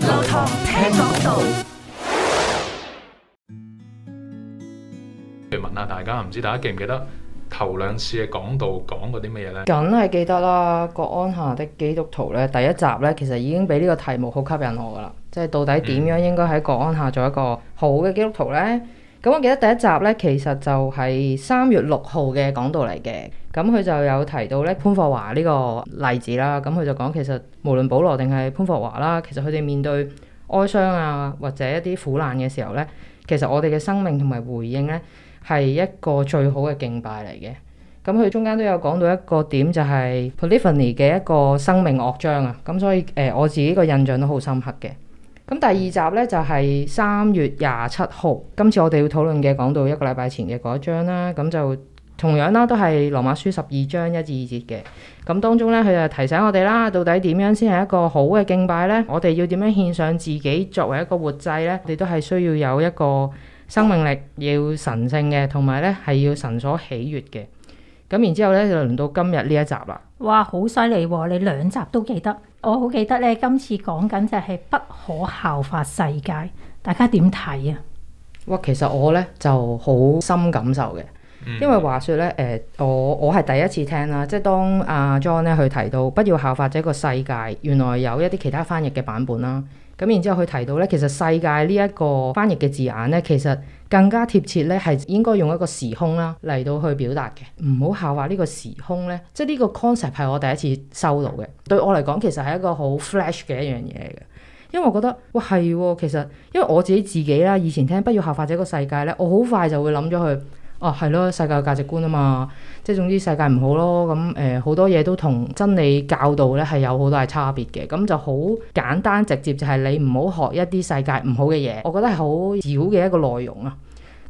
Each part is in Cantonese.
流堂聽講道，嚟問下大家，唔知大家記唔記得頭兩次嘅講道，講過啲咩嘢咧？梗係記得啦，《國安下的基督徒》咧，第一集咧，其實已經俾呢個題目好吸引我噶啦，即係到底點樣應該喺國安下做一個好嘅基督徒呢？嗯咁我記得第一集咧，其實就係三月六號嘅講道嚟嘅。咁佢就有提到咧，潘霍華呢個例子啦。咁佢就講其實無論保羅定係潘霍華啦，其實佢哋面對哀傷啊或者一啲苦難嘅時候咧，其實我哋嘅生命同埋回應咧係一個最好嘅敬拜嚟嘅。咁佢中間都有講到一個點，就係、是、Polyphony 嘅一個生命樂章啊。咁所以誒、呃，我自己個印象都好深刻嘅。咁第二集呢就係、是、三月廿七號，今次我哋要討論嘅講到一個禮拜前嘅嗰一章啦，咁就同樣啦，都係羅馬書十二章一至二節嘅，咁當中呢，佢就提醒我哋啦，到底點樣先係一個好嘅敬拜呢？我哋要點樣獻上自己作為一個活祭呢？你都係需要有一個生命力，要神聖嘅，同埋呢係要神所喜悦嘅。咁然之後咧，就輪到今日呢一集啦。哇，好犀利喎！你兩集都記得，我好記得咧。今次講緊就係不可效法世界，大家點睇啊？哇，其實我咧就好深感受嘅，嗯、因為話説咧，誒、呃，我我係第一次聽啦。即係當阿、啊、John 咧去提到不要效法這個世界，原來有一啲其他翻譯嘅版本啦。咁然之後佢提到咧，其實世界呢一個翻譯嘅字眼咧，其實。更加貼切咧，係應該用一個時空啦嚟到去表達嘅，唔好效法呢個時空咧，即係呢個 concept 係我第一次收到嘅。對我嚟講，其實係一個好 flash 嘅一樣嘢嚟嘅，因為我覺得喂，係，其實因為我自己自己啦，以前聽不要效法者個世界咧，我好快就會諗咗去。哦，係咯，世界價值觀啊嘛，即係總之世界唔好咯，咁誒好多嘢都同真理教導咧係有好大差別嘅，咁就好簡單直接就係你唔好學一啲世界唔好嘅嘢，我覺得係好少嘅一個內容啊。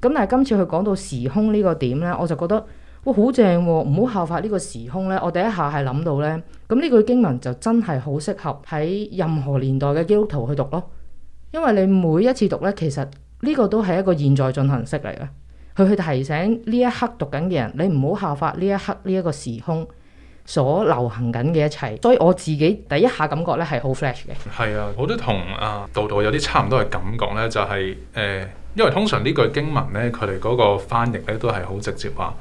咁但係今次佢講到時空呢個點咧，我就覺得哇好正喎，唔好效法呢個時空咧，我第一下係諗到咧，咁呢句經文就真係好適合喺任何年代嘅基督徒去讀咯，因為你每一次讀咧，其實呢個都係一個現在進行式嚟嘅。佢去提醒呢一刻讀緊嘅人，你唔好效法呢一刻呢一個時空所流行緊嘅一切。所以我自己第一下感覺咧係好 flash 嘅。係啊，我都同啊道道有啲差唔多嘅感覺咧，就係、是、誒、呃，因為通常呢句經文咧，佢哋嗰個翻譯咧都係好直接話，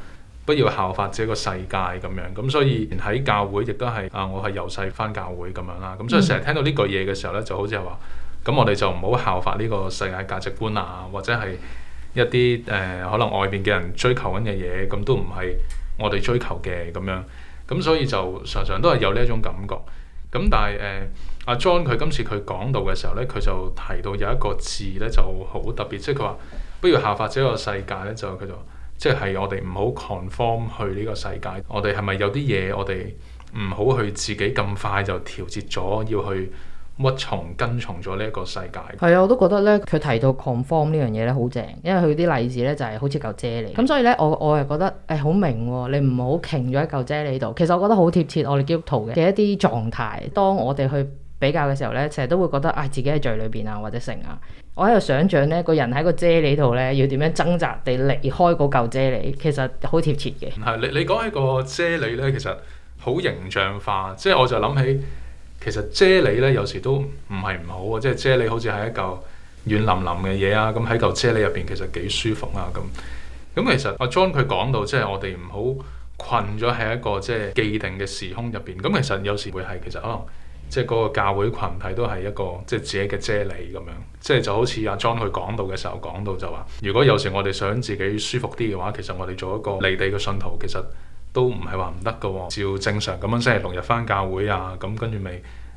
不要效法、啊、法這個世界咁樣。咁所以喺教會亦都係啊，我係由細返教會咁樣啦。咁所以成日聽到呢句嘢嘅時候咧，就好似係話，咁我哋就唔好效法呢個世界價值觀啊，或者係。一啲誒、呃、可能外邊嘅人追求緊嘅嘢，咁、嗯、都唔係我哋追求嘅咁樣，咁、嗯、所以就常常都係有呢一種感覺。咁、嗯、但係誒阿 John 佢今次佢講到嘅時候呢，佢就提到有一個字呢就好特別，即係佢話不如效法者個世界呢，就佢就即、是、係我哋唔好 conform 去呢個世界，我哋係咪有啲嘢我哋唔好去自己咁快就調節咗要去？乜從跟從咗呢一個世界，係啊，我都覺得咧，佢提到 conform 呢樣嘢咧好正，因為佢啲例子咧就係、是、好似嚿啫喱，咁所以咧我我係覺得誒好、哎、明喎、哦，你唔好瓊咗喺嚿啫喱度，其實我覺得好貼切我哋基督徒嘅一啲狀態。當我哋去比較嘅時候咧，成日都會覺得啊、哎、自己喺罪裏邊啊或者成啊，我喺度想像咧個人喺個啫喱度咧要點樣掙扎地離開嗰嚿啫喱，其實好貼切嘅。係你你講起個啫喱咧，其實好形象化，即係我就諗起。其實啫喱咧有時都唔係唔好啊，即係啫喱好似係一嚿軟腍腍嘅嘢啊，咁喺嚿啫喱入邊其實幾舒服啊，咁、嗯、咁、嗯、其實阿 John 佢講到即係我哋唔好困咗喺一個即係既定嘅時空入邊，咁、嗯、其實有時會係其實可能、哦、即係嗰個教會群體都係一個即係自己嘅啫喱咁樣，即係就好似阿 John 佢講到嘅時候講到就話，如果有時我哋想自己舒服啲嘅話，其實我哋做一個離地嘅信徒其實。都唔係話唔得噶照正常咁樣星期六日返教會啊，咁跟住咪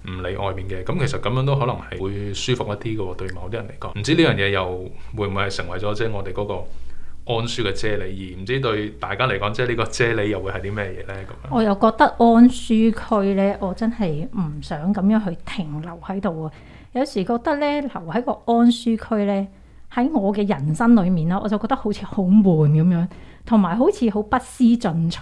唔理外面嘅。咁其實咁樣都可能係會舒服一啲噶對某啲人嚟講。唔知呢樣嘢又會唔會係成為咗即係我哋嗰個安舒嘅啫喱？而唔知對大家嚟講，即係呢個啫喱又會係啲咩嘢呢？咁樣我又覺得安舒區呢，我真係唔想咁樣去停留喺度啊！有時覺得呢，留喺個安舒區呢，喺我嘅人生裏面咧，我就覺得好似好悶咁樣。同埋好似好不思進取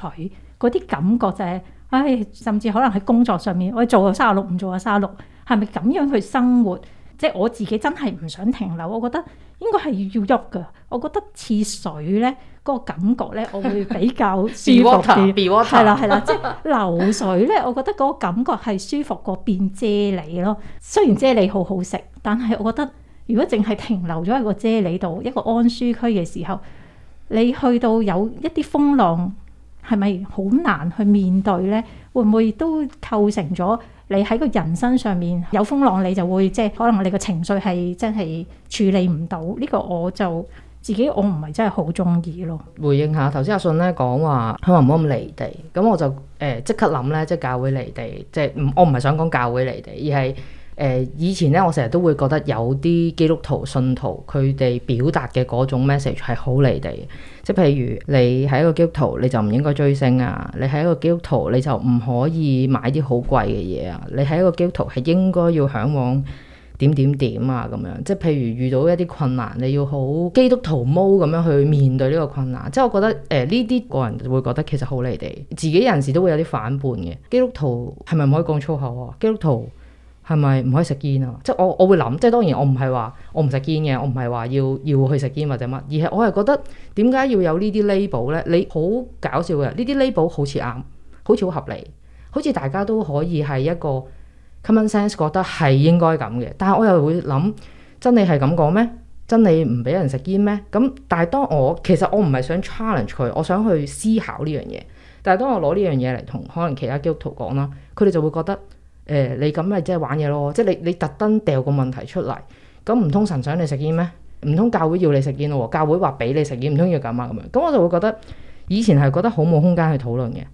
嗰啲感覺就係、是，唉、哎，甚至可能喺工作上面，我做又卅六唔做又卅六，係咪咁樣去生活？即、就、係、是、我自己真係唔想停留，我覺得應該係要喐嘅。我覺得似水咧，嗰、那個感覺咧，我會比較舒服啲。Be water, be water。係啦係啦，即係、就是、流水咧，我覺得嗰個感覺係舒服過變啫喱咯。雖然啫喱好好食，但係我覺得如果淨係停留咗喺個啫喱度，一個安舒區嘅時候。你去到有一啲風浪，係咪好難去面對呢？會唔會都構成咗你喺個人身上面有風浪，你就會即係可能我哋嘅情緒係真係處理唔到呢個？我就自己我唔係真係好中意咯。回應下頭先阿信咧講話，佢話唔好咁離地咁，我就誒即刻諗呢，即係教會離地，即係我唔係想講教會離地，而係。誒以前咧，我成日都會覺得有啲基督徒信徒佢哋表達嘅嗰種 message 係好離地，即係譬如你係一個基督徒，你就唔應該追星啊；你係一個基督徒，你就唔可以買啲好貴嘅嘢啊；你係一個基督徒，係應該要嚮往點點點啊咁樣。即係譬如遇到一啲困難，你要好基督徒毛咁樣去面對呢個困難。即係我覺得誒呢啲個人會覺得其實好離地，自己有陣時都會有啲反叛嘅。基督徒係咪唔可以講粗口啊？基督徒。係咪唔可以食煙啊？即係我我會諗，即係當然我唔係話我唔食煙嘅，我唔係話要要去食煙或者乜，而係我係覺得點解要有呢啲 label 咧？你好搞笑嘅，呢啲 label 好似啱，好似好合理，好似大家都可以係一個 common sense 覺得係應該咁嘅。但係我又會諗，真理係咁講咩？真理唔俾人食煙咩？咁但係當我其實我唔係想 challenge 佢，我想去思考呢樣嘢。但係當我攞呢樣嘢嚟同可能其他基督徒講啦，佢哋就會覺得。誒、欸，你咁咪即係玩嘢咯？即係你你特登掉個問題出嚟，咁唔通神想你食煙咩？唔通教會要你食煙咯？教會話俾你食煙，唔通要咁啊？咁樣，咁我就會覺得以前係覺得好冇空間去討論嘅，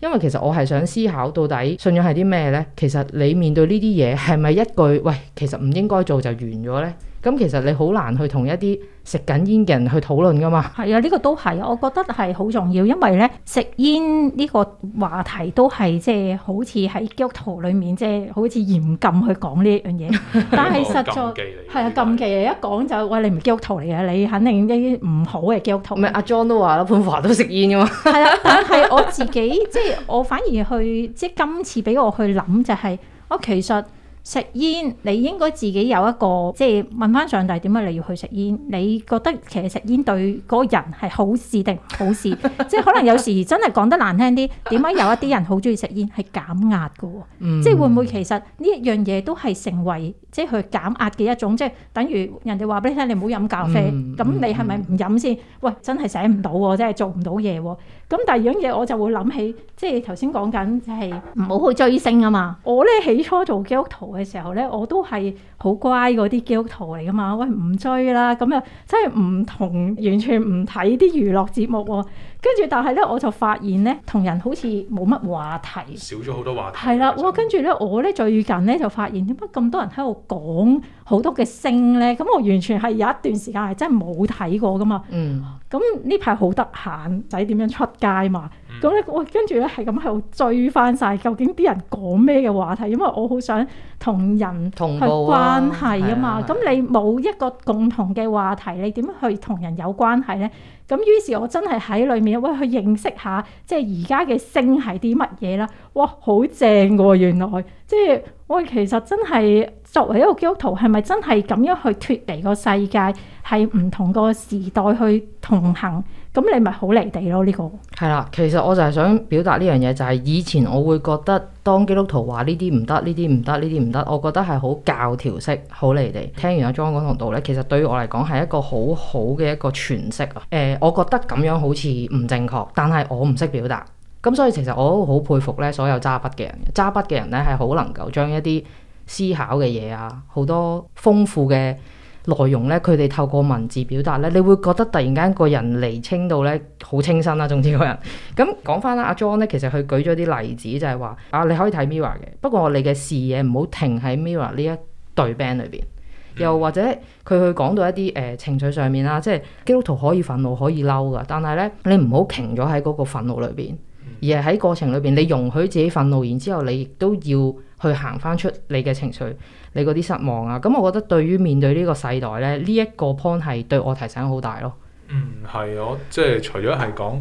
因為其實我係想思考到底信仰係啲咩呢？其實你面對呢啲嘢係咪一句喂，其實唔應該做就完咗呢？咁其實你好難去同一啲食緊煙嘅人去討論㗎嘛？係啊，呢個都係，我覺得係好重要，因為咧，食煙呢個話題都係即係好似喺基督徒裏面即係好似嚴禁去講呢一樣嘢。 但係實在係啊，禁忌 一講就喂，你唔係基督徒嚟嘅，你肯定啲唔好嘅基督徒。唔係阿 John 都話啦，潘華都食煙㗎嘛。係 啊，但係我自己 即係我反而去即係今次俾我去諗就係我其實，食煙，你應該自己有一個，即係問翻上帝點解你要去食煙？你覺得其實食煙對嗰個人係好事定唔好事？ 即係可能有時真係講得難聽啲，點解有一啲人好中意食煙係減壓㗎喎？嗯、即係會唔會其實呢一樣嘢都係成為即係佢減壓嘅一種？即係等於人哋話俾你聽，你唔好飲咖啡，咁、嗯、你係咪唔飲先？嗯嗯、喂，真係醒唔到喎，真係做唔到嘢喎。咁第二樣嘢我就會諗起，即係頭先講緊係唔好去追星啊嘛。我咧起初做基督徒嘅時候咧，我都係好乖嗰啲基督徒嚟㗎嘛。喂，唔追啦，咁啊，真係唔同完全唔睇啲娛樂節目喎。跟住，但係咧，我就發現咧，同人好似冇乜話題，少咗好多話題。係啦哇，我跟住咧，我咧最近咧就發現點解咁多人喺度講好多嘅聲咧？咁我完全係有一段時間係真係冇睇過噶嘛。嗯。咁呢排好得閒，仔點樣出街嘛？咁咧，我跟住咧係咁度追翻晒究竟啲人講咩嘅話題，因為我好想同人去關係啊嘛。咁、啊啊啊、你冇一個共同嘅話題，你點樣去同人有關係咧？咁於是，我真係喺裏面，喂，去認識下即係而家嘅星係啲乜嘢啦。哇，好正㗎喎！原來即係我其實真係作為一個基督徒，係咪真係咁樣去脱離個世界？係唔同個時代去同行，咁你咪好離地咯？呢個係啦，其實我就係想表達呢樣嘢，就係、是、以前我會覺得，當基督徒話呢啲唔得，呢啲唔得，呢啲唔得，我覺得係好教條式，好離地。聽完阿莊哥講道呢，其實對於我嚟講係一個好好嘅一個詮釋啊。誒、呃，我覺得咁樣好似唔正確，但係我唔識表達，咁所以其實我都好佩服呢所有揸筆嘅人，揸筆嘅人呢係好能夠將一啲思考嘅嘢啊，好多豐富嘅。內容咧，佢哋透過文字表達咧，你會覺得突然間個人釐清到咧，好清新啦、啊。總之個人。咁講翻啦，阿 John 咧，其實佢舉咗啲例子就係話啊，你可以睇 MIRROR 嘅，不過我哋嘅視野唔好停喺 MIRROR 呢一隊 band 裏邊，又或者佢去講到一啲誒、呃、情緒上面啦，即係基督徒可以憤怒可以嬲噶，但係咧你唔好停咗喺嗰個憤怒裏邊。而係喺過程裏邊，你容許自己憤怒，然之後你亦都要去行翻出你嘅情緒，你嗰啲失望啊。咁我覺得對於面對呢個世代咧，呢一個 point 係對我提醒好大咯。嗯，係我即係除咗係講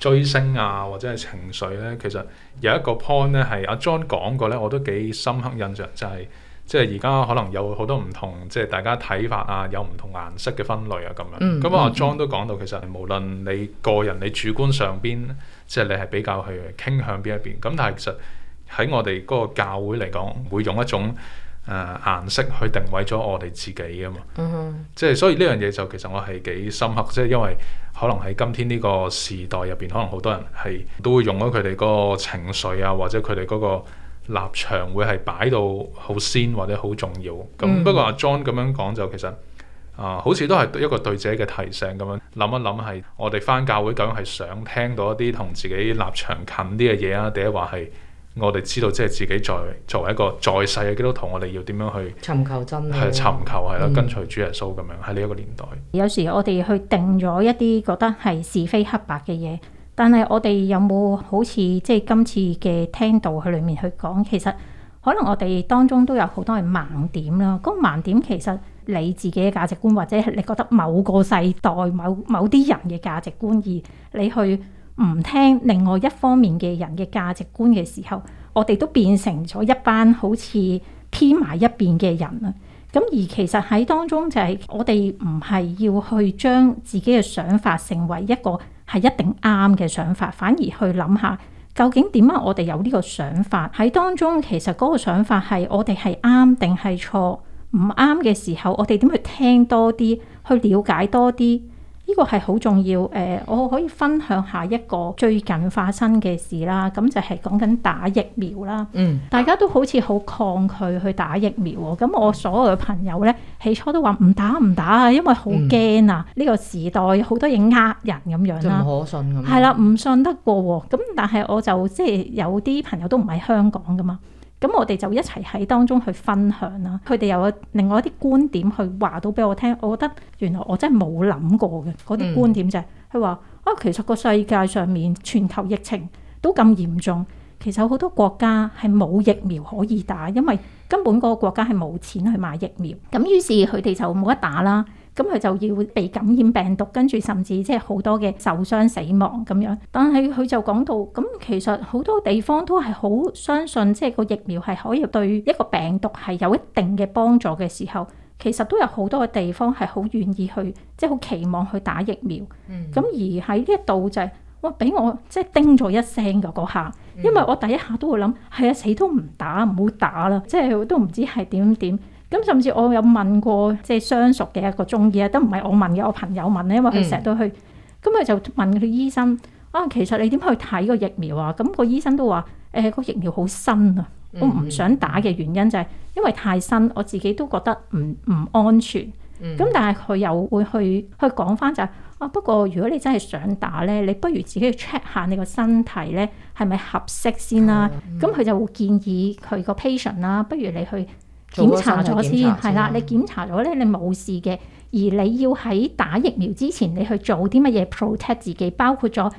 追星啊，或者係情緒咧，其實有一個 point 咧係阿 John 講過咧，我都幾深刻印象，就係、是。即係而家可能有好多唔同，即係大家睇法啊，有唔同顏色嘅分類啊，咁樣。咁阿莊都講到，樣嗯嗯、其實無論你個人你主觀上邊，即係你係比較去傾向邊一邊。咁但係其實喺我哋嗰個教會嚟講，會用一種誒、呃、顏色去定位咗我哋自己啊嘛。嗯嗯、即係所以呢樣嘢就其實我係幾深刻，即係因為可能喺今天呢個時代入邊，可能好多人係都會用咗佢哋嗰個情緒啊，或者佢哋嗰個。立場會係擺到好鮮或者好重要，咁、嗯、不過阿、啊、John 咁樣講就其實啊，好似都係一個對自己嘅提醒咁樣。諗一諗係我哋翻教會究竟係想聽到一啲同自己立場近啲嘅嘢啊，定係話係我哋知道即係自己在作為一個在世嘅基督徒，我哋要點樣去尋求真理，係尋求係啦，嗯、跟隨主耶穌咁樣喺呢一個年代。有時我哋去定咗一啲覺得係是，是，是非黑白嘅嘢。但係我哋有冇好似即係今次嘅聽道佢裡面去講，其實可能我哋當中都有好多係盲點啦。嗰個盲點其實你自己嘅價值觀，或者係你覺得某個世代某某啲人嘅價值觀，而你去唔聽另外一方面嘅人嘅價值觀嘅時候，我哋都變成咗一班好似偏埋一邊嘅人啦。咁而其實喺當中就係我哋唔係要去將自己嘅想法成為一個。係一定啱嘅想法，反而去諗下究竟點解我哋有呢個想法喺當中，其實嗰個想法係我哋係啱定係錯？唔啱嘅時候，我哋點去聽多啲，去了解多啲？呢個係好重要，誒、呃，我可以分享一下一個最近發生嘅事啦。咁就係講緊打疫苗啦。嗯，大家都好似好抗拒去打疫苗喎。咁我所有嘅朋友咧，起初都話唔打唔打啊，因為好驚啊。呢、嗯、個時代好多嘢呃人咁樣啦，可信，係啦，唔信得過喎。咁但係我就即係有啲朋友都唔喺香港噶嘛。咁我哋就一齊喺當中去分享啦，佢哋又有另外一啲觀點去話到俾我聽，我覺得原來我真係冇諗過嘅嗰啲觀點啫。佢話、嗯、啊，其實個世界上面全球疫情都咁嚴重，其實好多國家係冇疫苗可以打，因為根本嗰個國家係冇錢去買疫苗，咁、嗯、於是佢哋就冇得打啦。咁佢就要被感染病毒，跟住甚至即係好多嘅受傷、死亡咁樣。但係佢就講到，咁其實好多地方都係好相信，即係個疫苗係可以對一個病毒係有一定嘅幫助嘅時候，其實都有好多嘅地方係好願意去，即係好期望去打疫苗。嗯、mm，咁、hmm。而喺呢一度就係，哇！俾我即係叮咗一聲嘅嗰下，因為我第一下都會諗，係啊，死都唔打，唔好打啦，即係都唔知係點點。咁甚至我有問過即係相熟嘅一個中醫啊，都唔係我問嘅，我朋友問咧，因為佢成日都去，咁佢、嗯、就問佢醫生啊，其實你點去睇個疫苗啊？咁個醫生都話，誒、欸個疫苗好新啊，嗯、我唔想打嘅原因就係、是、因為太新，我自己都覺得唔唔安全。咁、嗯、但係佢又會去去講翻就係、是、啊，不過如果你真係想打咧，你不如自己去 check 下你個身體咧係咪合適先啦、啊。咁佢、嗯嗯、就會建議佢個 patient 啦，不如你去。檢查咗先，係啦。你檢查咗咧，你冇事嘅。而你要喺打疫苗之前，你去做啲乜嘢 protect 自己，包括咗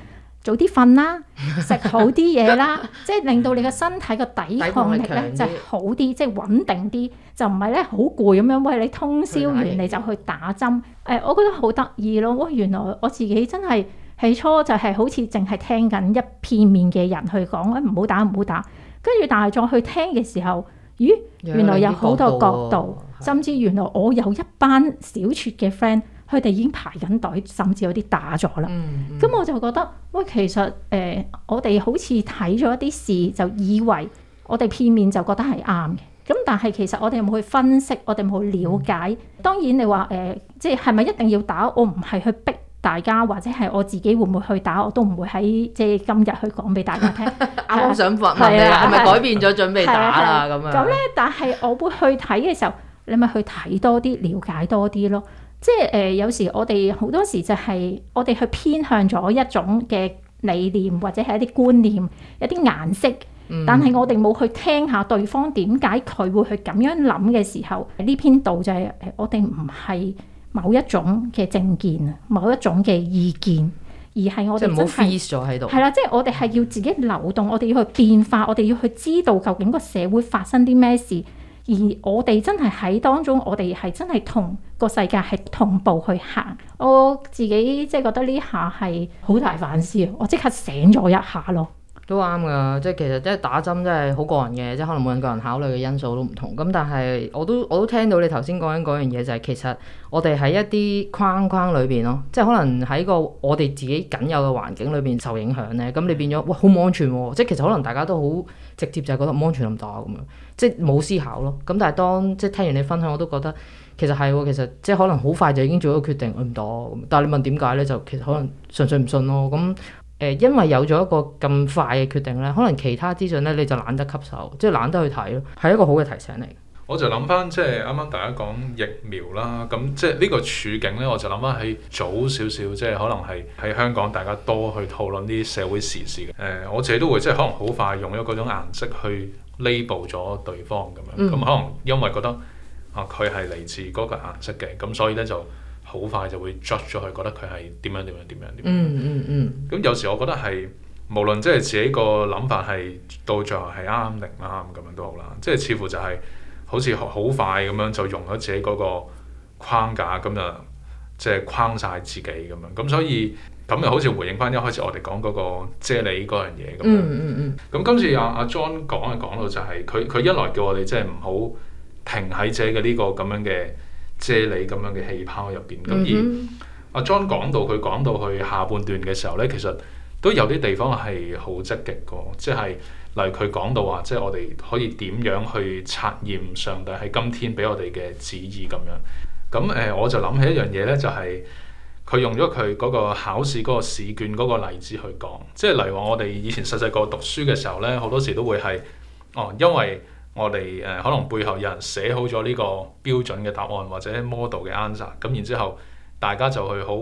早啲瞓啦，食好啲嘢啦， 即係令到你嘅身體嘅抵抗力咧， 即係好啲，即係穩定啲，就唔係咧好攰咁樣。喂，你通宵完你就去打針，誒，我覺得好得意咯。喂，原來我自己真係起初就係好似淨係聽緊一片面嘅人去講，唔好打，唔好打。跟住，但係再去聽嘅時候。咦，原來有好多角度，甚至原來我有一班小撮嘅 friend，佢哋已經排緊隊，甚至有啲打咗啦。咁、嗯嗯、我就覺得，喂，其實誒、呃，我哋好似睇咗一啲事，就以為我哋片面就覺得係啱嘅。咁但係其實我哋有冇去分析？我哋冇去了解。嗯、當然你話誒、呃，即係係咪一定要打？我唔係去逼。大家或者係我自己會唔會去打，我都唔會喺即係今日去講俾大家聽。 啊、我想問嘛，係咪改變咗準備打啦咁樣？咁咧，樣但係我會去睇嘅時候，你咪去睇多啲，了解多啲咯。即係誒、呃，有時我哋好多時就係、是、我哋去偏向咗一種嘅理念，或者係一啲觀念，一啲顏色。嗯、但係我哋冇去聽下對方點解佢會去咁樣諗嘅時候，呢篇道就係、是呃、我哋唔係。某一種嘅政見啊，某一種嘅意見，而係我哋唔好 freeze 咗喺度。係啦，即係我哋係要自己流動，我哋要去變化，我哋要去知道究竟個社會發生啲咩事。而我哋真係喺當中，我哋係真係同個世界係同步去行。我自己即係覺得呢下係好大反思啊！我即刻醒咗一下咯。都啱噶，即係其實即係打針真係好個人嘅，即係可能每個人考慮嘅因素都唔同。咁但係我都我都聽到你頭先講緊嗰樣嘢，就係其實我哋喺一啲框框裏邊咯，即係可能喺個我哋自己僅有嘅環境裏邊受影響咧。咁你變咗，哇，好唔安全喎！即係其實可能大家都好直接，就係覺得唔安全咁打咁樣，即係冇思考咯。咁但係當即係聽完你分享，我都覺得其實係，其實即係可能好快就已經做咗個決定，去唔到。但係你問點解咧？就其實可能純粹唔信咯。咁。誒，因為有咗一個咁快嘅決定咧，可能其他資訊咧你就懶得吸收，即係懶得去睇咯，係一個好嘅提醒嚟。我就諗返，即係啱啱大家講疫苗啦，咁即係呢個處境咧，我就諗返喺早少少，即係可能係喺香港大家多去討論啲社會時事嘅。誒、呃，我自己都會即係可能好快用咗嗰種顏色去 label 咗對方咁樣，咁、嗯、可能因為覺得啊，佢係嚟自嗰個顏色嘅，咁所以咧就。好快就會 judge 咗佢，覺得佢係點樣點樣點樣點樣，嗯。嗯嗯嗯。咁有時我覺得係無論即係自己個諗法係到最後係啱唔啱定啦咁樣都好啦，即、就、係、係、似乎就係、係、好似好快咁樣就用咗自己嗰個框架，咁就即、係、係框晒自己咁樣。咁所以咁又好似回應翻一開始我哋講嗰個啫喱嗰樣嘢咁樣。嗯嗯咁今、嗯、次阿、啊、阿、啊、John 講啊講到就係佢佢一來叫我哋即係唔好停喺自己嘅呢個咁樣嘅。啫喱咁樣嘅氣泡入邊，咁、mm hmm. 而阿 John 講到佢講到去下半段嘅時候呢，其實都有啲地方係好積極嘅，即係例如佢講到話，即係我哋可以點樣去察驗上帝喺今天俾我哋嘅旨意咁樣。咁誒、呃，我就諗起一樣嘢呢，就係、是、佢用咗佢嗰個考試嗰個試卷嗰個例子去講，即係例如話我哋以前細細個讀書嘅時候呢，好多時都會係哦，因為。我哋誒可能背後有人寫好咗呢個標準嘅答案或者 model 嘅 answer，咁然之後大家就去好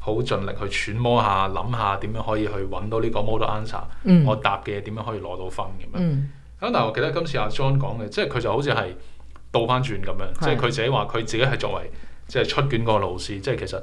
好盡力去揣摩下、諗下點樣可以去揾到呢個 model answer，嗯、我答嘅點樣可以攞到分咁樣。咁、嗯、但係我記得今次阿、啊、John 講嘅，即係佢就好似係倒翻轉咁樣，即係佢自己話佢自己係作為即係、就是、出卷個老師，即係其實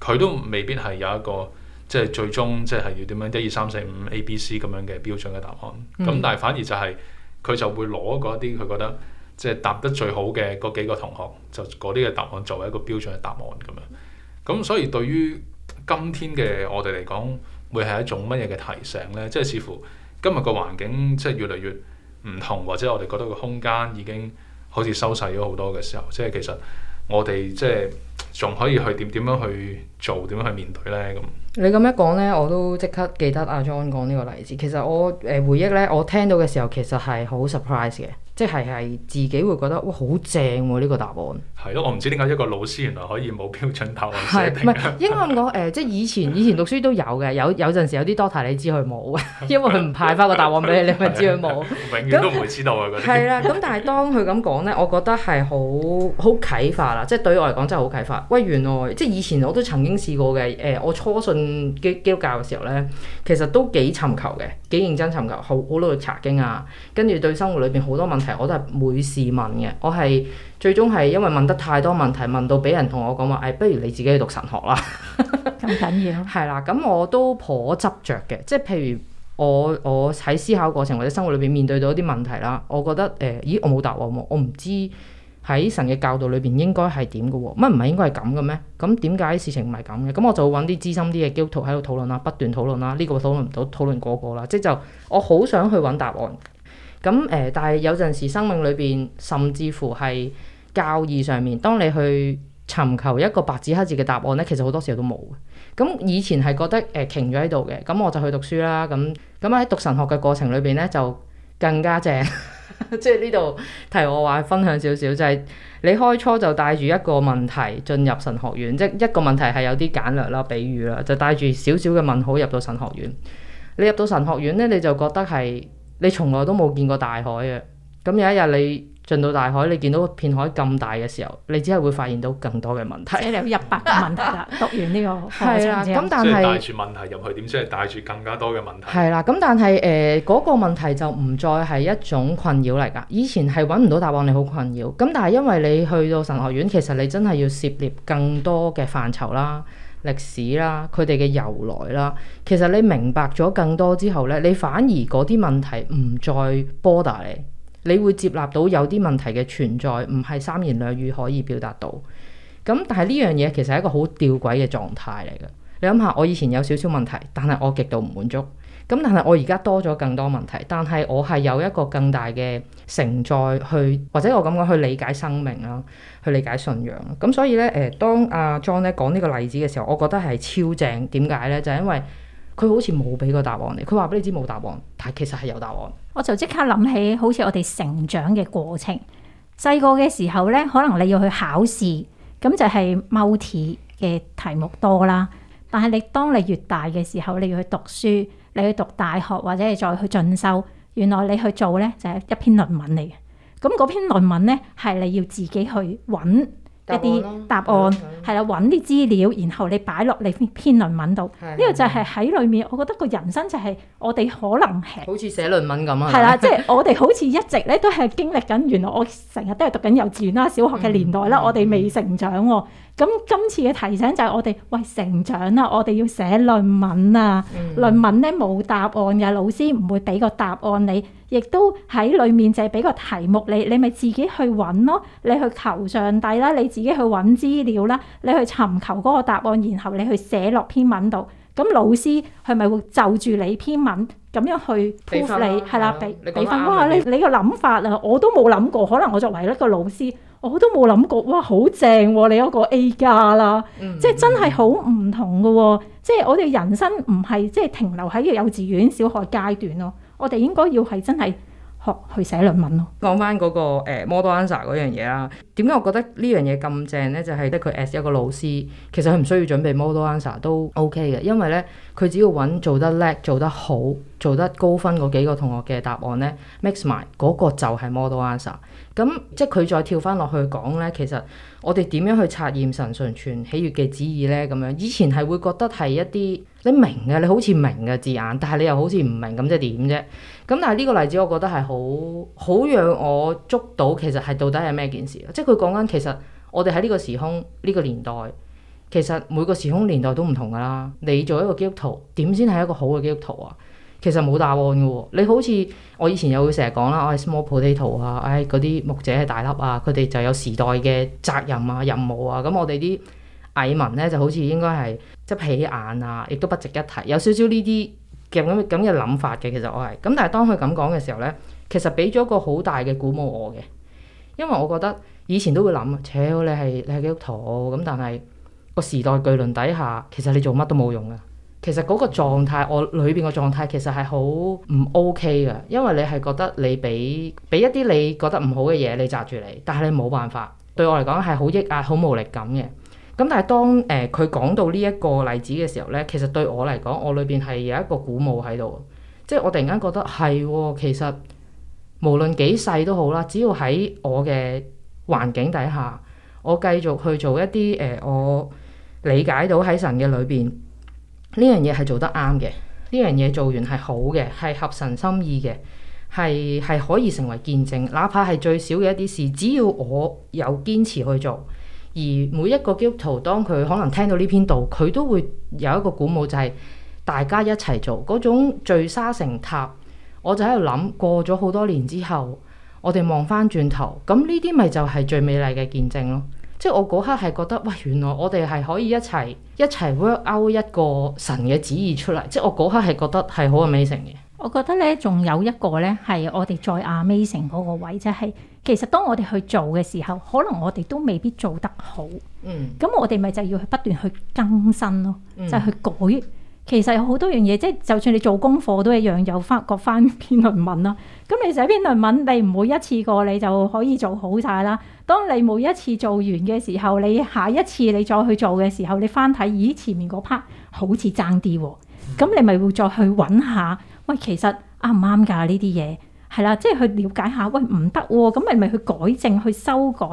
佢都未必係有一個即係最終即係要點樣一二三四五 A、B、C 咁樣嘅標準嘅答案。咁、嗯、但係反而就係、是。佢就會攞嗰啲佢覺得即係答得最好嘅嗰幾個同學，就嗰啲嘅答案作為一個標準嘅答案咁樣。咁所以對於今天嘅我哋嚟講，會係一種乜嘢嘅提醒呢？即係似乎今日個環境即係越嚟越唔同，或者我哋覺得個空間已經好似收細咗好多嘅時候，即係其實我哋即係仲可以去點點樣去做，點樣去面對呢？咁。你咁樣講咧，我都即刻記得阿 John 講呢個例子。其實我誒回憶咧，我聽到嘅時候其實係好 surprise 嘅。即係係自己會覺得哇好正喎、啊、呢、這個答案係咯，我唔知點解一個老師原來可以冇標準答案寫定。唔係應該咁講，即係以前以前讀書都有嘅，有有陣時有啲 doctor 你知佢冇，因為佢唔派返個答案俾你， 你咪知佢冇。 永遠都唔會知道嘅、啊。係啦，咁、 嗯、但係當佢咁講咧，我覺得係好好啟發啦。即、就、係、是、對我嚟講真係好啟發。喂，原來即係以前我都曾經試過嘅誒、呃，我初信嘅基，基督教嘅時候咧，其實都幾尋求嘅，幾認真尋求，好好努力查經啊，跟住對生活裏邊好多問題。我都係每事問嘅，我係最終係因為問得太多問題，問到俾人同我講話，誒、哎，不如你自己去讀神學啦。咁 緊要？係啦，咁我都頗執着嘅，即係譬如我我喺思考過程或者生活裏邊面，面對到一啲問題啦，我覺得誒、呃，咦，我冇答案喎，我唔知喺神嘅教導裏邊應該係點嘅喎，乜唔係應該係咁嘅咩？咁點解事情唔係咁嘅？咁我就揾啲資深啲嘅基督徒喺度討論啦，不斷討論啦，呢、呢個討論唔到，討論嗰個啦，即係就我好想去揾答案。咁誒、嗯，但係有陣時生命裏邊，甚至乎係教義上面，當你去尋求一個白紙黑字嘅答案咧，其實好多時候都冇嘅。咁、嗯、以前係覺得誒、呃、停咗喺度嘅，咁我就去讀書啦。咁咁喺讀神學嘅過程裏邊咧，就更加正。即係呢度提我話分享少少，就係、是、你開初就帶住一個問題進入神學院，即、就、係、是、一個問題係有啲簡略啦、比喻啦，就帶住少少嘅問號入到神學院。你入到神學院咧，你就覺得係。你從來都冇見過大海嘅。咁有一日你進到大海，你見到片海咁大嘅時候，你只係會發現到更多嘅問題。你有一百個問題啦， 讀完呢個課程啦，咁、啊嗯、但係帶住問題入去，點知係帶住更加多嘅問題。係啦、啊，咁、嗯、但係誒嗰個問題就唔再係一種困擾嚟㗎。以前係揾唔到答案，你好困擾。咁但係因為你去到神學院，其實你真係要涉獵更多嘅範疇啦。歷史啦，佢哋嘅由來啦，其實你明白咗更多之後呢，你反而嗰啲問題唔再 bother 你，你會接納到有啲問題嘅存在，唔係三言兩語可以表達到。咁但係呢樣嘢其實係一個好吊詭嘅狀態嚟嘅。你諗下，我以前有少少問題，但係我極度唔滿足。咁，但係我而家多咗更多問題，但係我係有一個更大嘅承載去，或者我咁講去理解生命啦，去理解信仰。咁所以咧，誒，當阿 John 咧講呢個例子嘅時候，我覺得係超正。點解咧？就係因為佢好似冇俾個答案你，佢話俾你知冇答案，但係其實係有答案。我就即刻諗起，好似我哋成長嘅過程，細個嘅時候咧，可能你要去考試，咁就係 Multi 嘅題目多啦。但係你當你越大嘅時候，你要去讀書。你去讀大學或者係再去進修，原來你去做呢，就係、是、一篇論文嚟嘅。咁嗰篇論文呢，係你要自己去揾一啲答案，係啦，揾啲資料，然後你擺落你篇論文度。呢的個就係喺裏面，我覺得個人生就係我哋可能係好似寫論文咁啊。係啦，即、就、係、是、我哋好似一直呢，都係經歷緊，原來我成日都係讀緊幼稚園啦、小學嘅年代啦，嗯嗯、我哋未成長、哦。咁今次嘅提醒就係我哋喂成長啦，我哋要寫論文啊，論、嗯、文咧冇答案嘅，老師唔會俾個答案你，亦都喺裡面就係俾個題目你，你咪自己去揾咯，你去求上帝啦，你自己去揾資料啦，你去尋求嗰個答案，然後你去寫落篇文度。咁老師係咪會就住你篇文咁樣去 prove 你係啦？俾俾分嗰你，你個諗哇你法啊，我都冇諗過，可能我作為一個老師。我都冇諗過，哇，好正喎！你嗰個 A 加啦，即係真係好唔同噶，即係我哋人生唔係即係停留喺幼稚園、小學階段咯、啊。我哋應該要係真係學去寫論文咯、啊。講翻嗰個誒，model answer 嗰樣嘢啦，點解我覺得呢樣嘢咁正呢？就係得佢 as 一個老師，其實佢唔需要準備 model answer 都 OK 嘅，因為呢，佢只要揾做得叻、做得好、做得高分嗰幾個同學嘅答案呢 mix 埋，嗰個就係 model answer。咁、嗯、即係佢再跳翻落去講咧，其實我哋點樣去察驗神純全喜悅嘅旨意咧？咁樣以前係會覺得係一啲你明嘅，你好似明嘅字眼，但係你又好似唔明咁，即係點啫？咁、嗯、但係呢個例子，我覺得係好好讓我捉到其實係到底係咩件事？即係佢講緊其實我哋喺呢個時空呢、呢個年代，其實每個時空年代都唔同噶啦。你做一個基督徒，點先係一個好嘅基督徒啊？其實冇答案嘅喎、哦，你好似我以前又會成日講啦，我、哦、係 small potato 啊，唉嗰啲牧者係大粒啊，佢哋就有時代嘅責任啊任務啊，咁、嗯、我哋啲蟻民咧就好似應該係執起眼啊，亦都不值一提，有少少呢啲咁咁嘅諗法嘅，其實我係咁，但係當佢咁講嘅時候咧，其實俾咗個好大嘅鼓舞我嘅，因為我覺得以前都會諗，超你係你係基督徒咁、嗯，但係個時代巨輪底下，其實你做乜都冇用嘅。其實嗰個狀態，我裏邊嘅狀態其實係好唔 OK 嘅，因為你係覺得你俾俾一啲你覺得唔好嘅嘢，你窒住你，但係你冇辦法。對我嚟講係好抑壓、好無力感嘅。咁但係當誒佢講到呢一個例子嘅時候咧，其實對我嚟講，我裏邊係有一個鼓舞喺度，即係我突然間覺得係、嗯，其實無論幾細都好啦，只要喺我嘅環境底下，我繼續去做一啲誒、呃、我理解到喺神嘅裏邊。呢樣嘢係做得啱嘅，呢樣嘢做完係好嘅，係合神心意嘅，係係可以成為見證，哪怕係最少嘅一啲事，只要我有堅持去做。而每一個基督徒當佢可能聽到呢篇道，佢都會有一個鼓舞，就係大家一齊做嗰種聚沙成塔。我就喺度諗，過咗好多年之後，我哋望翻轉頭，咁呢啲咪就係最美麗嘅見證咯。即係我嗰刻係覺得，喂，原來我哋係可以一齊一齊 work out 一個神嘅旨意出嚟。即係我嗰刻係覺得係好 amazing 嘅。我覺得咧，仲有一個咧，係我哋再 amazing 嗰個位，即係其實當我哋去做嘅時候，可能我哋都未必做得好。嗯，咁我哋咪就要去不斷去更新咯，嗯、就係去改。其實好多樣嘢，即係就算你做功課都一樣，有翻個翻篇論文囉。咁你寫篇論文，你唔會一次過你就可以做好晒啦。當你每一次做完嘅時候，你下一次你再去做嘅時候，你翻睇，咦，前面嗰 part 好似爭啲喎。咁你咪會再去揾下，喂，其實啱唔啱㗎呢啲嘢？係啦，即係去了解下，喂，唔得，咁咪咪去改正、去修改、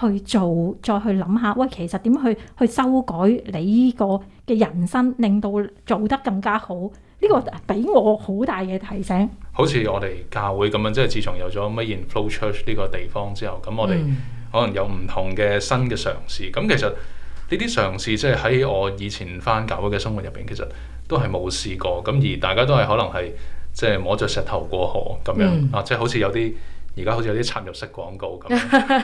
去做，再去諗下，喂，其實點去去修改你呢個嘅人生，令到做得更加好？呢個俾我好大嘅提醒。好似我哋教會咁樣，即係自從有咗咩 In Flow Church 呢個地方之後，咁我哋可能有唔同嘅新嘅嘗試。咁其實呢啲嘗試，即係喺我以前翻教會嘅生活入邊，其實都係冇試過。咁而大家都係可能係。即係摸着石頭過河咁樣，嗯、啊！即係好似有啲而家好似有啲插入式廣告咁。咁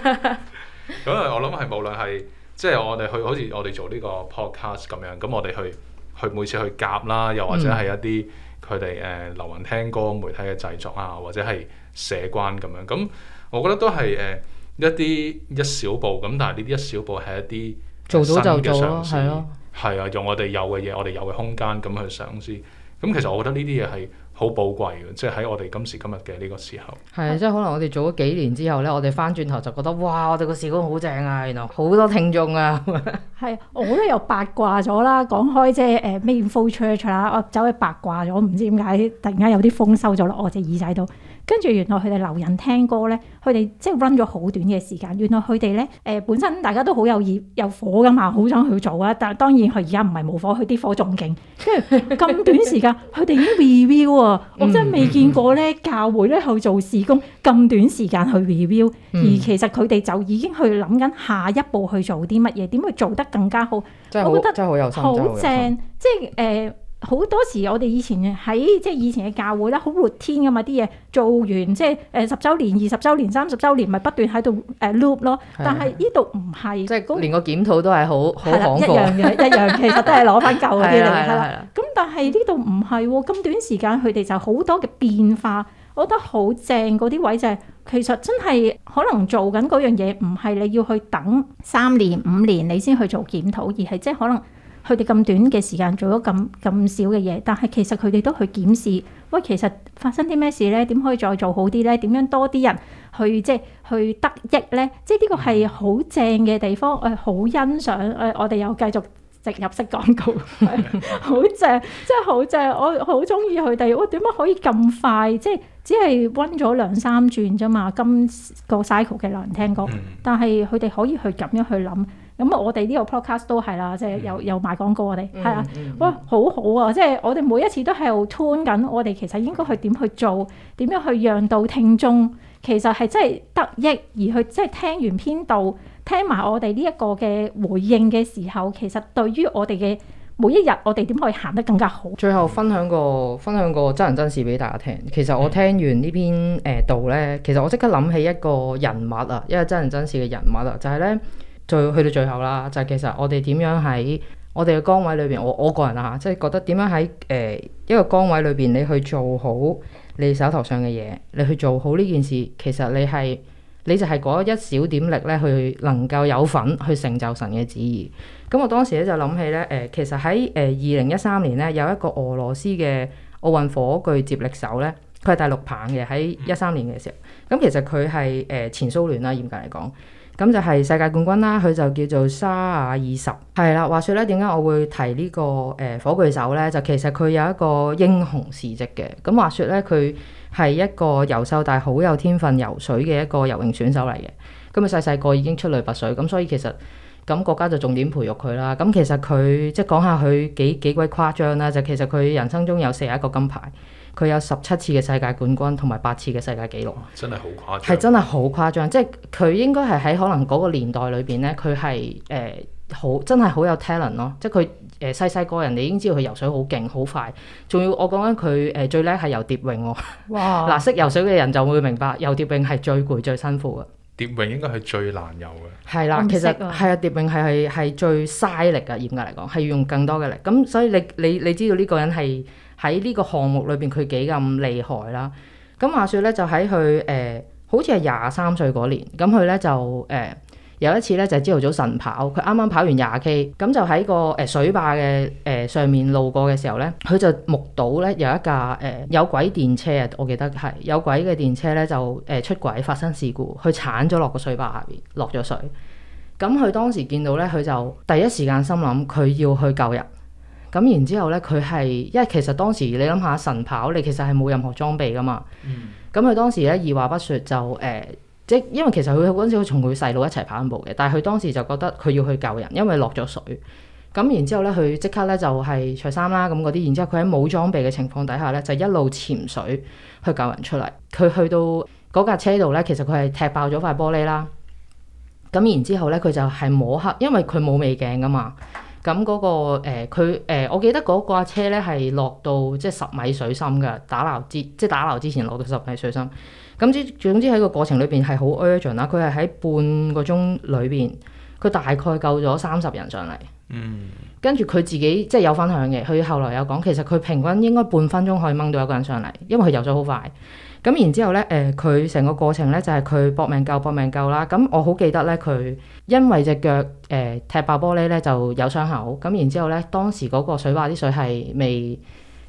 啊，我諗係無論係即係我哋去，好似我哋做呢個 podcast 咁樣。咁我哋去去每次去夾啦，又或者係一啲佢哋誒流堂聽講道媒體嘅製作啊，或者係社關咁樣。咁我覺得都係誒一啲一小步咁，但係呢啲一小步係一啲做到就做咯，係啊！用我哋有嘅嘢，我哋有嘅空間咁去嘗試。咁其實我覺得呢啲嘢係好寶貴嘅，即係喺我哋今時今日嘅呢個時候。係，即係可能我哋做咗幾年之後咧，我哋返轉頭就覺得，哇！我哋個時光好正啊，原來好多聽眾啊。係， 我都又八卦咗啦，講開即係誒咩 Full Church 啦，我走去八卦咗，唔知點解突然間有啲風收咗落我隻耳仔度。跟住原來佢哋留人聽歌咧，佢哋即係 run 咗好短嘅時間。原來佢哋咧，誒、呃、本身大家都好有意、有火噶嘛，好想去做啊。但係當然佢而家唔係冇火，佢啲火仲勁。咁 短時間，佢哋 已經 review 啊！我真係未見過咧，教會咧去做事工咁短時間去 review，而其實佢哋就已經去諗緊下一步去做啲乜嘢，點去做得更加好。我覺得好正，即係誒。棒好多時我哋以前喺即係以前嘅教會咧，好活天㗎嘛啲嘢，做完即係誒十週年、二十週年、三十週年，咪不斷喺度誒 loop 咯的。但係呢度唔係，即係連個檢討都係好好一樣嘅一樣， 其實都係攞翻舊嗰啲嚟係，咁但係呢度唔係喎，咁短時間佢哋就好多嘅變化，我覺得好正嗰啲位就係、係、其實真係可能做緊嗰樣嘢，唔係你要去等三年五年你先去做檢討，而係即係可能。佢哋咁短嘅時間做咗咁咁少嘅嘢，但係其實佢哋都去檢視，喂，其實發生啲咩事呢？點可以再做好啲呢？點樣多啲人去即係去得益呢？即係呢個係好正嘅地方，誒，好欣賞誒，我哋又繼續植入式廣告，好正，即係好正，我好中意佢哋。喂，點解可以咁快？即係只係溫咗兩三轉啫嘛，今個 cycle 嘅難聽歌，但係佢哋可以去咁樣去諗。咁我哋呢個 podcast 都係啦，即係有又賣廣告，我哋係啊，哇，好好啊！即係我哋每一次都係做 turn 緊，我哋其實應該去點去做，點樣去讓到聽眾，其實係真係得益，而去即係聽完篇道，聽埋我哋呢一個嘅回應嘅時候，其實對於我哋嘅每一日，我哋點可以行得更加好？最後分享個分享個真人真事俾大家聽。其實我聽完呢篇誒道咧，其實我即刻諗起一個人物啊，一個真人真事嘅人物啊，就係呢。最去到最後啦，就係其實我哋點樣喺我哋嘅崗位裏邊，我我個人啊，即係覺得點樣喺誒一個崗位裏邊，你去做好你手頭上嘅嘢，你去做好呢件事，其實你係你就係嗰一小點力咧，去能夠有份去成就神嘅旨意。咁我當時咧就諗起咧，誒其實喺誒二零一三年咧有一個俄羅斯嘅奧運火炬接力手咧，佢係大陸棒嘅喺一三年嘅時候，咁其實佢係誒前蘇聯啦，嚴格嚟講。咁就係世界冠軍啦，佢就叫做沙雅爾什。係啦。話說咧，點解我會提呢、這個誒、呃、火炬手呢？就其實佢有一個英雄事蹟嘅。咁話說呢，佢係一個柔瘦但係好有天分游水嘅一個游泳選手嚟嘅。咁啊細細個已經出類拔萃，咁所以其實咁國家就重點培育佢啦。咁其實佢即係講下佢幾幾鬼誇張啦，就其實佢人生中有四十一個金牌。佢有十七次嘅世界冠軍同埋八次嘅世界紀錄，真係好誇張，係真係好誇張，即係佢應該係喺可能嗰個年代裏邊咧，佢係誒好真係好有 talent 咯，即係佢誒細細個人你已經知道佢游水好勁好快，仲要我講緊佢誒最叻係游蝶泳喎，哇 嗱，識游水嘅人就會明白，游蝶泳係最攰最辛苦嘅。蝶泳應該係最難遊嘅，係啦，啊、其實係啊，蝶泳係係係最嘥力㗎，嚴格嚟講係要用更多嘅力。咁所以你你你知道呢個人係喺呢個項目裏邊佢幾咁厲害啦。咁話説咧，就喺佢誒，好似係廿三歲嗰年，咁佢咧就誒。呃有一次咧就係朝頭早晨跑，佢啱啱跑完廿 K，咁就喺個誒、呃、水壩嘅誒、呃、上面路過嘅時候咧，佢就目睹咧有一架誒、呃、有軌電車啊，我記得係有軌嘅電車咧就誒、呃、出軌發生事故，佢鏟咗落個水壩下邊，落咗水。咁佢當時見到咧，佢就第一時間心諗佢要去救人。咁然之後咧，佢係因為其實當時你諗下晨跑，你其實係冇任何裝備噶嘛。嗯。咁佢當時咧二話不説就誒。呃即因為其實佢嗰陣時佢同佢細佬一齊跑步嘅，但係佢當時就覺得佢要去救人，因為落咗水。咁然之後咧，佢即刻咧就係除衫啦咁嗰啲，然之後佢喺冇裝備嘅情況底下咧，就一路潛水去救人出嚟。佢去到嗰架車度咧，其實佢係踢爆咗塊玻璃啦。咁然之後咧，佢就係摸黑，因為佢冇眉鏡㗎嘛。咁嗰個誒佢誒，我記得嗰嗰架車咧係落到即係十米水深㗎，打撈之即係打撈之前落到十米水深。咁之總之喺個過程裏邊係好 urgent 啦，佢係喺半個鐘裏邊，佢大概救咗三十人上嚟。嗯，跟住佢自己即係有分享嘅，佢後來有講，其實佢平均應該半分鐘可以掹到一個人上嚟，因為佢游咗好快。咁然之後咧，誒佢成個過程咧就係佢搏命救、搏命救啦。咁我好記得咧，佢因為隻腳誒踢爆玻璃咧就有傷口。咁然之後咧，當時嗰個水話啲水係未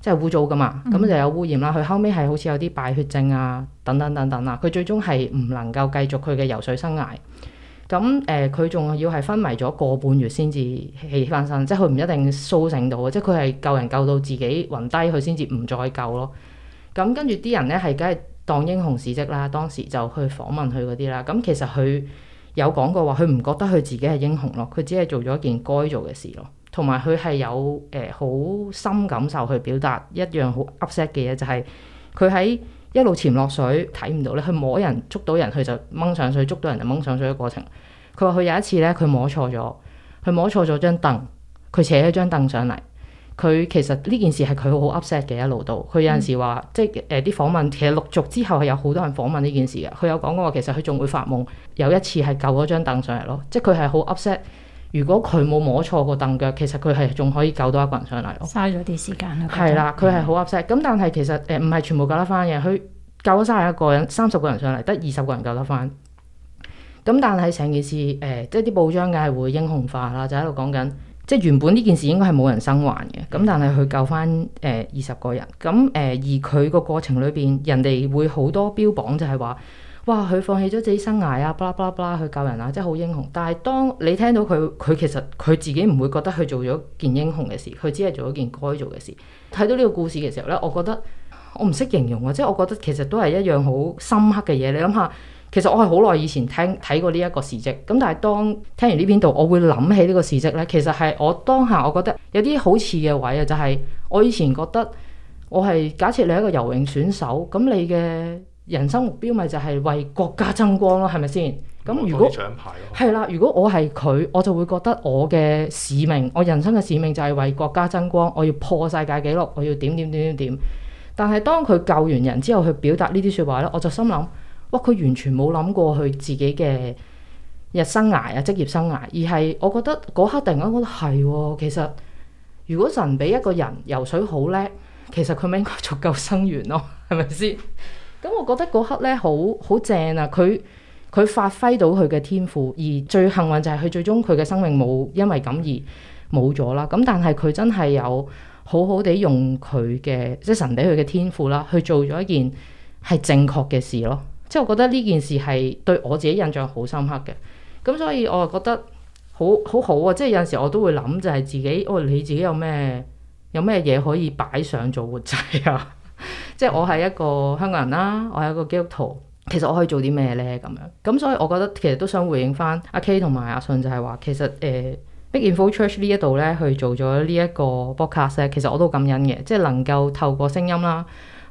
即係污糟噶嘛，咁、嗯、就有污染啦。佢後尾係好似有啲敗血症啊，等等等等啊。佢最終係唔能夠繼續佢嘅游水生涯。咁誒，佢、呃、仲要係昏迷咗個半月先至起翻身，即係佢唔一定蘇醒到，啊，即係佢係救人救到自己暈低，佢先至唔再救咯。咁跟住啲人咧係，梗係當英雄事蹟啦。當時就去訪問佢嗰啲啦。咁其實佢有講過話，佢唔覺得佢自己係英雄咯。佢只係做咗一件該做嘅事咯。同埋佢係有誒好、呃、深感受去表達一樣好 upset 嘅嘢，就係佢喺一路潛落水睇唔到咧。佢摸人捉到人，佢就掹上水；捉到人就掹上水嘅過程。佢話佢有一次咧，佢摸錯咗，佢摸錯咗張凳，佢扯咗張凳上嚟。佢其實呢件事係佢好 upset 嘅一路到，佢有陣時話即係誒啲訪問，其實陸續之後係有好多人訪問呢件事嘅。佢有講過其實佢仲會發夢，有一次係救咗張凳上嚟咯，即係佢係好 upset。如果佢冇摸錯個凳腳，其實佢係仲可以救到一個人上嚟。嘥咗啲時間係啦，佢係好 upset。咁 up 但係其實誒唔係全部救得翻嘅，佢救咗三十一個人，三十個人上嚟得二十個人救得翻。咁但係成件事誒、呃，即係啲報章梗係會英雄化啦，就喺度講緊。即係原本呢件事應該係冇人生還嘅，咁但係佢救翻誒二十個人，咁誒、呃、而佢個過程裏邊，人哋會好多標榜就係話，哇！佢放棄咗自己生涯啊，巴拉巴拉巴拉去救人啊，即係好英雄。但係當你聽到佢，佢其實佢自己唔會覺得佢做咗件英雄嘅事，佢只係做咗件該做嘅事。睇到呢個故事嘅時候呢，我覺得我唔識形容啊，即係我覺得其實都係一樣好深刻嘅嘢。你諗下。其實我係好耐以前聽睇過呢一個事迹，咁但係當聽完呢篇道，我會諗起呢個事迹呢。其實係我當下我覺得有啲好似嘅位啊，就係、是、我以前覺得我係假設你係一個游泳選手，咁你嘅人生目標咪就係為國家爭光咯，係咪先？咁、嗯、如果獎牌係啦。如果我係佢，我就會覺得我嘅使命，我人生嘅使命就係為國家爭光。我要破世界紀錄，我要點點點點點,點。但係當佢救完人之後去表達呢啲說話咧，我就心諗。哇！佢完全冇諗過佢自己嘅日生涯啊，職業生涯而係，我覺得嗰刻突然間覺得係。其實如果神俾一個人游水好叻，其實佢咪應該做救生員咯？係咪先？咁 我覺得嗰刻咧好好正啊！佢佢發揮到佢嘅天賦，而最幸運就係佢最終佢嘅生命冇因為咁而冇咗啦。咁但係佢真係有好好地用佢嘅即係神俾佢嘅天賦啦，去做咗一件係正確嘅事咯。即係我覺得呢件事係對我自己印象好深刻嘅，咁所以我又覺得好好好啊！即係有陣時我都會諗，就係自己，哦，你自己有咩有咩嘢可以擺上做活祭啊？ 即係我係一個香港人啦、啊，我係一個基督徒，其實我可以做啲咩呢？咁樣咁，所以我覺得其實都想回應翻阿 K 同埋阿信就，就係話其實誒 Big、呃、Info Church 呢一度呢去做咗呢一個 podcast 其實我都感恩嘅，即係能夠透過聲音啦。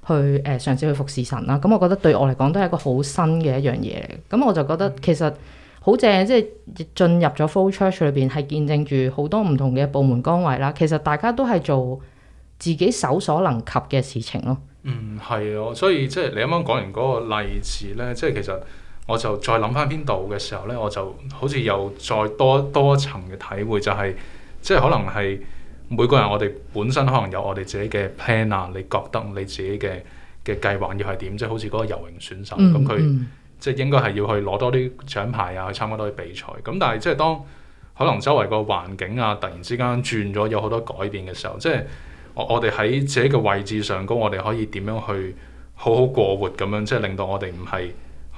去誒嘗試去服侍神啦，咁我覺得對我嚟講都係一個好新嘅一樣嘢，嚟。咁我就覺得其實好正，嗯、即係進入咗 Full Church 裏邊係見證住好多唔同嘅部門崗位啦，其實大家都係做自己手所能及嘅事情咯。嗯，係啊，所以即係你啱啱講完嗰個例子呢，即係其實我就再諗翻邊度嘅時候呢，我就好似又再多多層嘅體會，就係、係、即係可能係。每個人我哋本身可能有我哋自己嘅 plan 啊，你覺得你自己嘅嘅計劃要係點？即係好似嗰個游泳選手咁，佢、嗯、他即係應該係要去攞多啲獎牌啊，去參加多啲比賽。咁但係即係當可能周圍個環境啊，突然之間轉咗有好多改變嘅時候，即係我我哋喺自己嘅位置上高，我哋可以點樣去好好過活咁樣？即係令到我哋唔係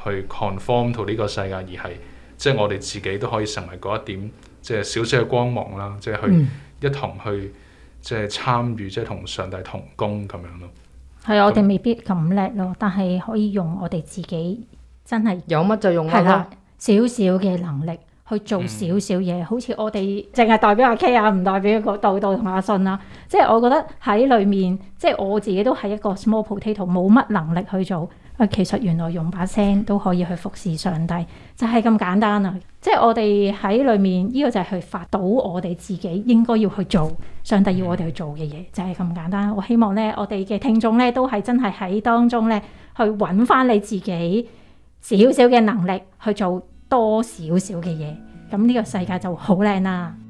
去 conform 到呢個世界，而係即係我哋自己都可以成為嗰一點，即係少少嘅光芒啦、啊，即係去。嗯一同去即係參與，即係同上帝同工咁樣咯。係啊，我哋未必咁叻咯，但係可以用我哋自己真係有乜就用啊，少少嘅能力去做少少嘢。嗯、好似我哋淨係代表阿 K 啊，唔代表個道道同阿信啦。即係我覺得喺裏面，即係我自己都係一個 small potato，冇乜能力去做。啊，其實原來用把聲都可以去服侍上帝，就係咁簡單啦！即係我哋喺裏面，呢個就係去發到我哋自己應該要去做上帝要我哋去做嘅嘢，就係咁簡單。我希望呢，我哋嘅聽眾呢，都係真係喺當中呢，去揾翻你自己少少嘅能力去做多少少嘅嘢，咁呢個世界就好靚啦～